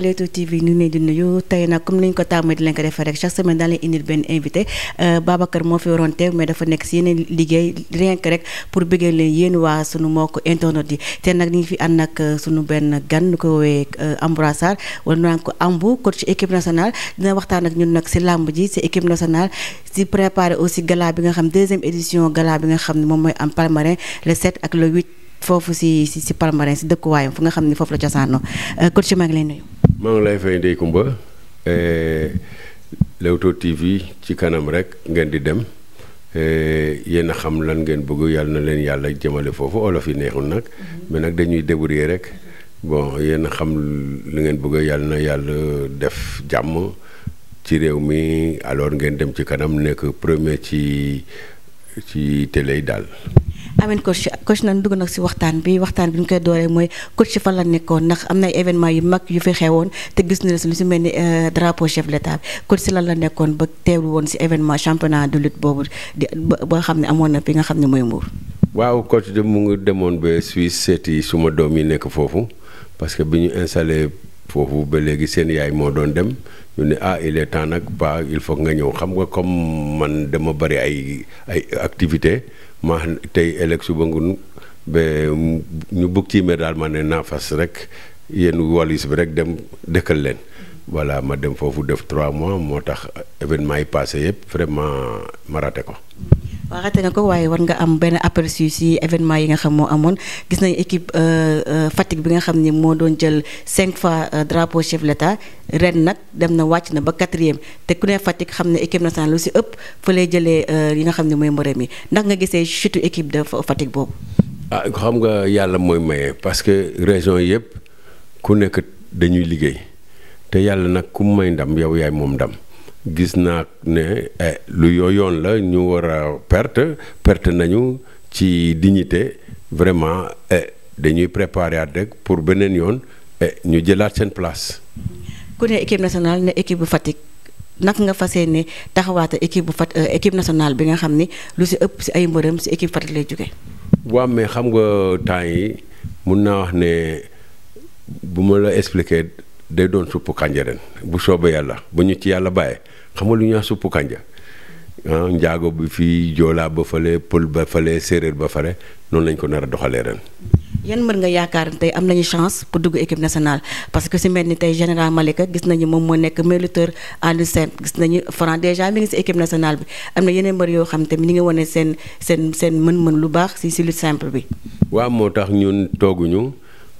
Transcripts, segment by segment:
Leewtoo TV ñu ngi leen di nuyu tey nag comme ni ñu ko tàmm di leen ko defee rek chaque semaine daan leen indil benn invité euh, Babacar moo fi waroon teew mais dafa nekk si yeneen liggéey rien que rek pour bëggee leen yéen waa sunu mbokk internet yi te nag ni ngi fi ànd ak euh, sunu benn gan ñu ko woowee euh, Ambroise Sarr wala ñu naan ko Ambu coach équipe nationale dina waxtaan ak ñun nag si làmb ji si équipe nationale si préparé aussi gala bi nga xam deuxième édition gala bi nga xam ne moom mooy am Palmarin le 7 ak le foofu si si si palmarin si fu nga xam ni foofu la cosaanoo euh, coach maa ngi lay nuyu. maa lay fay Ndeye Comba eh, Leewtoo TV ci kanam rek ngeen di dem eh, yéen a xam lan ngeen bëgg yàlla na leen yàlla jëmale foofu olof yi neexul nag mhm. mais nag dañuy débrouiller rek bon yéen a ngeen bëgg yàlla na yàlla def jàmm ci réew mi alors ngeen dem ci kanam nekk premier ci ci télé yi daal. amen coach coach nañ dugg nag si waxtaan bi waxtaan bi ñu koy dooree mooy coach fan la nekkoon ndax am na ay événement yu mag yu fi xewoon te gis na lu si mel ni euh, drapeau chef de si lan la nekkoon ba teewlu woon si événement championnat de lutte boobu di ba xam ne amoon na fi nga xam ne mooy Mbour. waaw coach de mu ngi demoon ba Suisse seeti suma doom yi nekk foofu parce que bi ñu installé foofu ba léegi seen yaay moo doon dem. ñu ne ah il temps nag ba il faut nga ñëw xam nga comme man dama bari ay ay activité ma tey ëllëg ba ngun ba ñu bëgg ci me daal ma ne naa fas rek yéen walis bi rek dem dëkkal leen voilà ma dem foofu def trois mois moo tax événement yi passé yëpp vraiment ma ko waa rate nga ko waaye war nga am benn aperçu si événement yi nga xam moo amoon gis nañu équipe euh, euh, Fatick bi nga xam ni moo doon jël cinq fois euh, drapeau chef de ren nag dem na wàcc na ba quatrième te ku ne Fatick xam ne équipe nationale lu si ëpp fa lay jëlee yi nga xam ne mooy mbërëm yi ndax nga gisee chute équipe de Fatick boobu. ah xam nga yàlla mooy maye parce que région yëpp ku nekk dañuy liggéey te yàlla nag ku may ndam yow yaay moom ndam. gis naa ne eh, lu yoo yoon la ñu war a perte perte nañu ci dignité vraiment eh, dañuy préparer at rek pour beneen yoon eh, ñu jëlaat seen place. ku ne équipe nationale ne équipe bu Fatick naka nga fas yéene taxawaata équipe bu Fat eh, équipe national bi nga xam ni lu si ëpp si ay mbërëm si équipe Fatick lay jóge waaw mais xam nga temps yi mun naa wax ne bu ma la expliquer day doon suppu kànja bu soobee yàlla bu ñu ci yàlla bàyyee xam nga lu ñuy wax suppu kanja ah njaago bi fii joolaa ba fale pël ba fale séeréer ba fale noonu lañ ko nar a doxalee ren. yan mbër nga yaakaar tey am nañu chance pour dugg équipe nationale parce que si mel ni tey général Malika gis nañu moom moo nekk meilleur lutteur en lutte gis nañu Franc déjà mi ngi si équipe nationale bi am na yeneen mbër yoo xam tamit ñi ngi wane seen seen seen mën-mën lu baax si si lutte simple bi. waa moo tax ñu tooguñu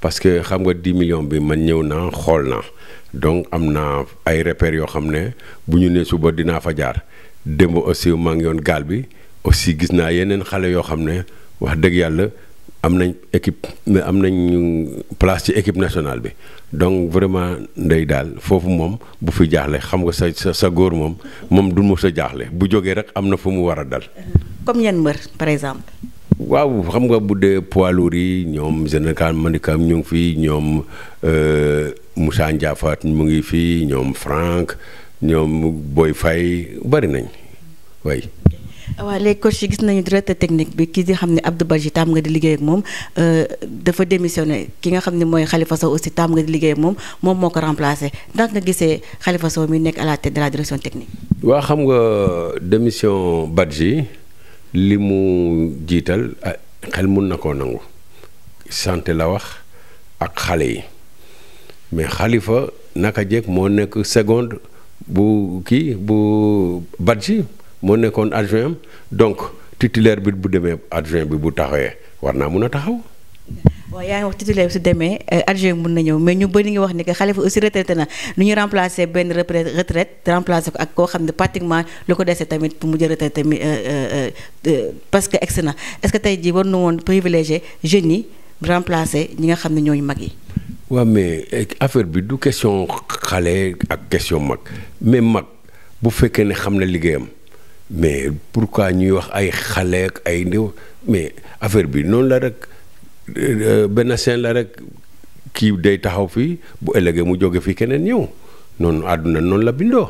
parce que xam nga 10 millions bi man ñëw naa xool naa. donc am naa ay repères yoo xam ne bu ñu nee suba dinaa fa jaar démb aussi maa ngi yoon gaal bi aussi gis naa yeneen xale yoo xam ne wax dëgg yàlla am nañ équipe am nañ place ci équipe nationale bi donc vraiment ndey daal foofu moom bu fi jaaxle xam nga sa sa sa góor moom moom du mu sa jaaxle bu jógee rek am na fu mu war a dal. comme yan mbër par exemple. waaw xam nga bu dee poids lourds yi ñoom général Mandikam ñu ngi fi ñoom euh, Moussa Ndiafat mu ngi fi ñoom Franck ñoom Boy Faye bari nañ way waaw léegi coach yi gis nañu directeur technique bi kii di xam ne Abdou Badji taam nga di liggéeyak moom euh, dafa démissionné ki nga xam ne mooy Khalifa Sow aussi taam nga di liggéey moom moom moo ko remplacé ndax nga gisee Khalifa Sow mi nekk à la tête direction technique. waa xam nga démission Badji. li mu jiital ah, xel mun na koo nangu santé la wax ak xale yi mais xalifa naka jekk moo nekk seconde bu kii bu Badji moo nekkoon adjoint am donc titulaire bi bu demee adjoint bi bu taxawee war naa mun a taxaw bon yaa ngi wax titulaire su demee euh, Algérie mun na ñëw mais ñu bëri ngi wax ni que Khalifa aussi retraité na nu ñu remplacer benn retraite retraite remplacer ko ak koo xam ne partiquement lu ko dese tamit pour mu jël retraite euh, euh, parce que ex na est que tey jii war na woon privilégié jeunes yi remplacer ñi nga xam ne ñooñu mag yi. waaw mais affaire bi du question xale ak question mag mais mag bu fekkee ne xam na liggéeyam mais pourquoi ñuy wax ay xale ak ay ndew mais affaire bi noonu la rek. Euh, benn seen la rek kii day taxaw fii bu ëllëgee mu jóge fii keneen ñëw noonu àdduna noonu la bindoo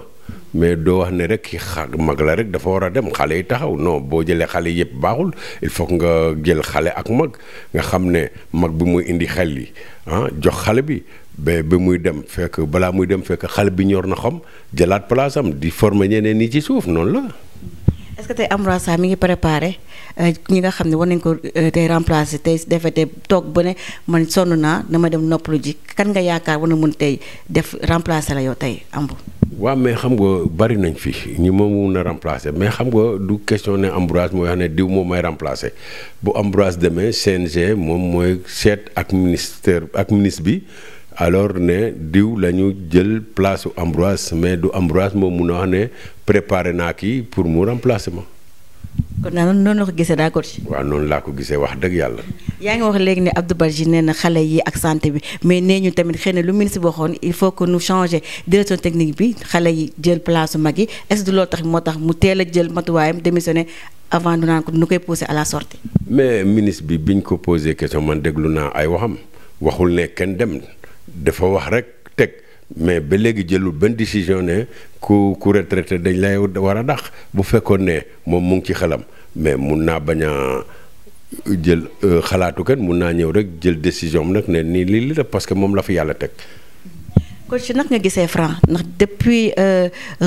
mais doo wax ne rek ki xa mag la rek dafa war a dem xale yi taxaw non boo jëlee xale yi yëpp baaxul il faut nga jël xale ak mag nga xam ne mag bi muy indi xel yi ah, jox xale bi ba bi muy dem fekk balaa muy dem fekk xale bi ñor na xam jëlaat place di forme ñeneen nii ci suuf noonu la. est-ce que tey mi ngi préparé euh, ñi nga xam ne war nañ ko euh, tey remplacer tey defe tey toog ba ne man sonn naa dama dem noppalu ji kan nga yaakaar war na mën tey def remplacer la yow tey Ambou. waaw mais xam nga bari nañ fi ñi ma mun a remplacer mais xam nga du question ne Ambroise mooy wax ne diw moom may remplacer bu Ambroise seen CNG moom mooy seet ak ministère ak ministre bi. alors ne diw la ñu jël place Ambroise mais du embroise moom mun a wax ne préparé naa kii pour mu remplacer ma. kon nag noonu la ko gisee daa ko ci. waaw noonu laa ko gisee wax dëgg yàlla. yaa ngi wax léegi ne Abdou Badji nee na xale yi ak santé bi mais nee ñu tamit xëy na lu ministre bi waxoon il faut que nu changer direction technique bi xale yi jël place mag yi est ce loolu tax moo tax mu teel a jël matuwaayam démissionné avant nu naan ko nu koy pousser à la sortie. mais ministre bi biñ ko posé question man déglu naa ay waxam waxul ne kenn dem dafa wax rek mais ba léegi jëlul benn décision ne ku ku retraité dañ lay war a dax bu fekkoon ne moom mu ngi ci xelam mais mun naa bañ a jël euh, xalaatu kenn mun naa ñëw rek jël décision am nag ne nii lii li def parce que moom la fi yàlla teg coach nag nga gisee Franc ndax depuis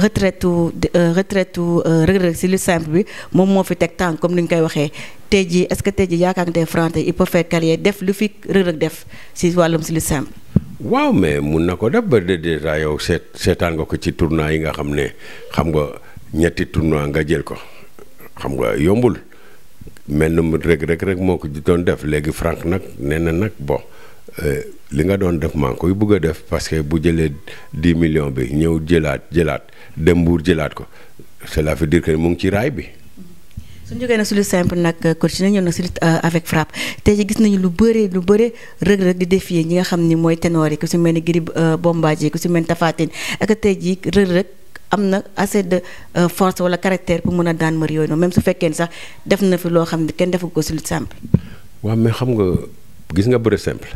retraite euh, retraite euh, euh, Reug Reug si lu simple bi moom moo fi teg tànk comme ni ñu koy waxee tey jii est-ce que tey jii yaakaar nga tey Franc tey il peut faire carrière def lu fi Reug Reug def si wàllum si lu simple. waaw mais mun na ko def ba déjà yow seet seetaan nga ko ci tournoi yi nga xam ne xam nga ñetti tournoi nga jël ko xam nga yombul mel na Reug Reug rek moo ko doon def léegi Franc nag nee na nag bo Euh, li nga doon def maa ngi koy bëgg def parce que bu jëlee dix million bi ñëw jëlaat jëlaat dem mbuur jëlaat ko cela fi dire que mu ngi ci raay bi. su jógee na si lu simple nag euh, coach na ñëw na si lutte euh, avec frappe gis nañu lu bëre lu bëre rëg-rëg di défier ñi nga xam ni mooy ténor yi ku si mel ni Gris Bombardier ku si mel ni tey ji rëg am na assez de wala caractère mën a daan mër yooyu même su fekkee sax def na fi loo xam ne kenn defu ko si lutte simple. waaw mais xam nga gis nga bëre simple.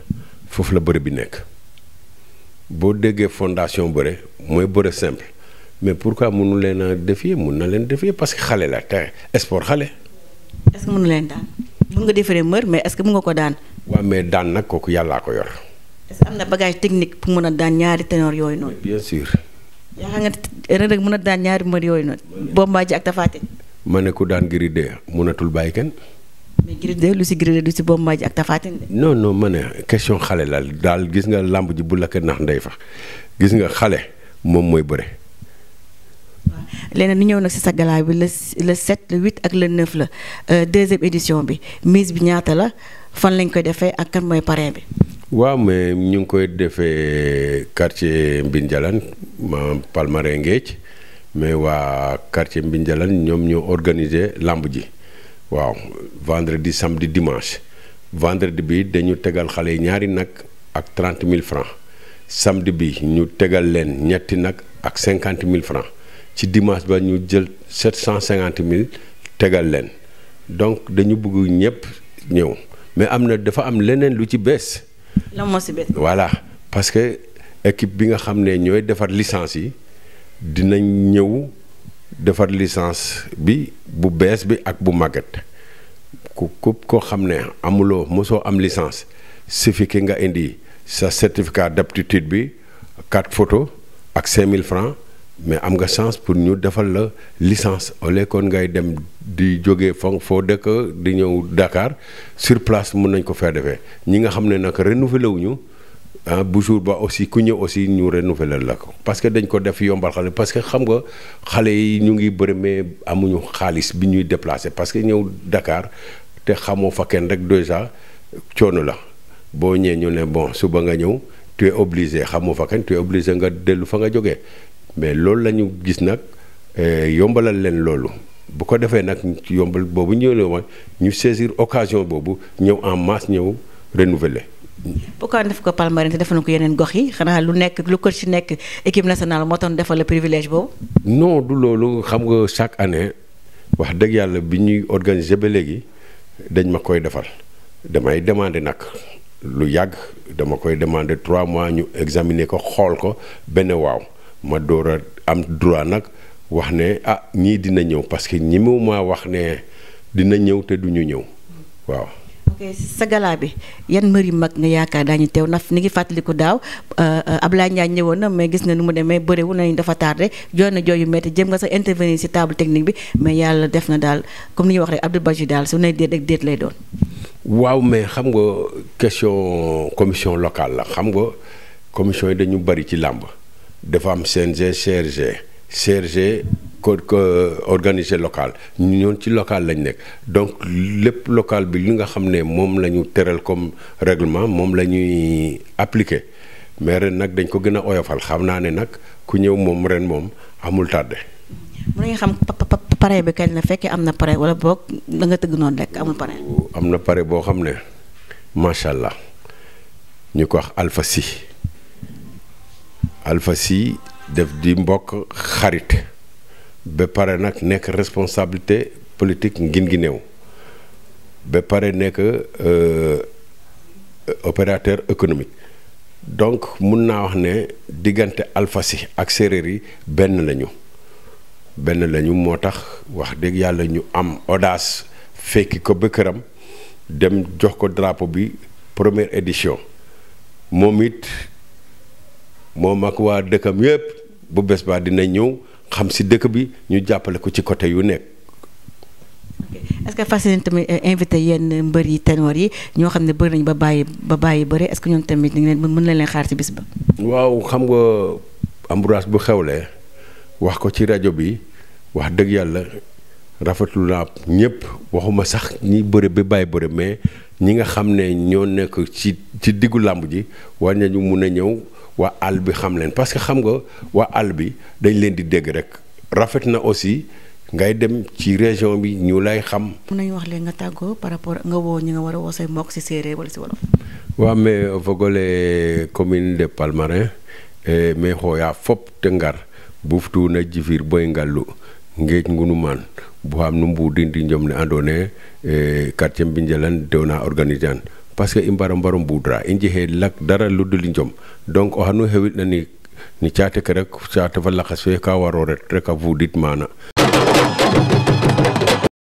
foofu la bëre bi nekk boo déggee fondation bëre mooy bëre simple mais pour pourquoi mënu leen a défier mun na leen défier parce que xale la te sport xale. est-ce que leen daan mun nga defaree mër mais est-ce que mun nga ko daan. waaw mais daan nag kooku yàllaa ko yor. est-ce que am na bagage technique pour mën a daan ñaari ténor yooyu noonu. bien sûr. yaakaar nga Reug mën a daan yooyu noonu. Bombardier ak Tapha Tine. ma ne ku daan Gris 2 mënatul bàyyi kenn. mais Gris 2 lu si Gris 2 lu si Bombardier ak Tapha Tine non non question xale la daal gis nga làmb ji bu la nax ndey fa gis nga xale moom mooy bëre. waaw leneen ñu ñëw nag si sa galaay bi le le 7 le 8 ak le 9 la euh, deuxième édition bi mise bi ñaata la fan lañ koy defee ak kan mooy parrain bi. waaw mais ñu ngi koy defee quartier Mbinjalan ma Palmarin Ngéej mais waa quartier Mbinjalan ñoom ñoo organiser làmb ji. waaw vendredi samedi dimanche vendredi bi dañu tegal xale yi ñaari nag ak trente mille francs samedi bi ñu tegal leen ñetti nag ak cinquante mille francs ci dimanche ba ñu jël sept cent cinquante mille tegal leen donc dañu bëgg ñëpp ñëw mais am na dafa am leneen lu ci bés lan moo si voilà parce que équipe bi nga xam ne ñooy defar licence yi dinañ ñëw. defar licence bi bu bees bi ak bu màgget ku ku koo xam ne amuloo mosoo am licence suffi ki nga indi sa certificat d'aptitude bi quatre photos ak cinq mille francs mais am nga chance pour ñu defal la licence au lieu kon ngay dem di jóge fan foo dëkk di ñëw dakaar surplace place mun nañ ko fee defee ñi nga xam ne nag renouvelé wuñu ah bu jour ba aussi ku ñëw aussi ñu renouveler la ko parce que dañ ko def yombal xale parce que xam nga xale yi ñu ngi bëri mais amuñu xaalis bi ñuy déplacé parce que ñëw dakaar te xamoo fa kenn rek déjà coono la boo ñëwee ñu ne bon suba nga ñëw tu es obligé xamoo fa kenn tu es obligé nga dellu fa nga jógee mais loolu la ñu gis nag eh, yombalal leen loolu. bu ko defee nag yombal boobu ñëw la woon ñu saisir occasion boobu ñëw en mas ñëw renouveler. pourquoi def ko Palmarin te def ko yeneen gox yi xanaa lu nekk lu ko ci nekk équipe nationale moo tax defal la privilège boobu. non du loolu xam nga chaque année wax dëgg yàlla bi ñuy organiser ba léegi dañ ma koy defal damay demander nag lu yàgg dama koy demander trois mois ñu examiner ko xool ko benn waaw ma door am droit nag wax ne ah ñii dina ñëw parce que ñi mu ma wax ne dina ñëw te du ñu ñëw waaw. ok sa gala bi yan mbër yu mag nga yaakaar daañu teew na ni ngi fàttaliku daaw ab euh, euh, Ablaye Ndiaye ñëwoon na mais gis nga nu mu demee bëriwul nañu dafa tardé jooy na jooy yu métti jëm nga sa intervenir si table technique bi mais yàlla def na daal comme ni ñuy wax rek Abdou Badji daal su ne déet ak déet lay doon. waaw mais xam nga question commission local la xam nga commission yi dañu bëri ci làmb dafa am CNG CRG. CRG ko organisé local ñu ñoon ci local lañ nekk donc lépp local bi li nga xam ne moom la ñu tëral comme réglement moom la ñuy appliqué mais ren nag dañ ko gën a oyofal xam naa ne nag ku ñëw moom ren moom amul tardé. mën nga xam pare bi kañ la fekkee am na pare wala boog da nga tëgg noonu rek amul am na pare boo xam ne macha allah ñu ko wax alpha si alpha si def di mbokk xarit ba pare nag nekk responsabilité politique ngin gi néew ba pare nekk euh, opérateur économique donc mun naa wax ne diggante alfasi ak séeréer yi benn lañu benn lañu moo tax wax dëgg yàlla ñu am audace fekki ko ba këram dem jox ko drapo bi première édition moom it moom ak waa dëkkam yépp bu bés baa dina ñëw xam si dëkk bi ñu jàppale ko ci côté yu nekk. est-ce tamit euh, invité yenn mbër yi ténor yi ñoo xam ne bëri nañ ba bàyyi ba bàyyi bëri est-ce que ñoom tamit ñu leen mën na leen xaar ci bis ba. waaw xam nga ambiance bu xewlee wax ko ci rajo bi wax dëgg yàlla rafetlu naa ñëpp waxuma sax ñi bëri ba bàyyi bëri mais ñi nga xam ne ñoo nekk ci ci diggu làmb ji war nañu mun a ñëw. waa àll bi xam leen parce que xam nga waa àll bi dañ leen di dégg rek rafet na aussi ngay dem ci région bi ñu lay xam. mun nañu wax léegi nga par rapport a woo say mbokk si séeréer wala si wolof. mais fogole commune de Palmarin eh, mais xooyaa fop te ngar buftu na jifir boy ngallu ngeej ngunu maan bu am nu mbu dindi njom ne andone eh, quartier mbinjalan dewna organiser an parce que i mbara mbaro mbudra i njehe lak dara luduli njom donc o xano xewit na ni no ke rek caate fa lakas fe ka waro ret a fudit maana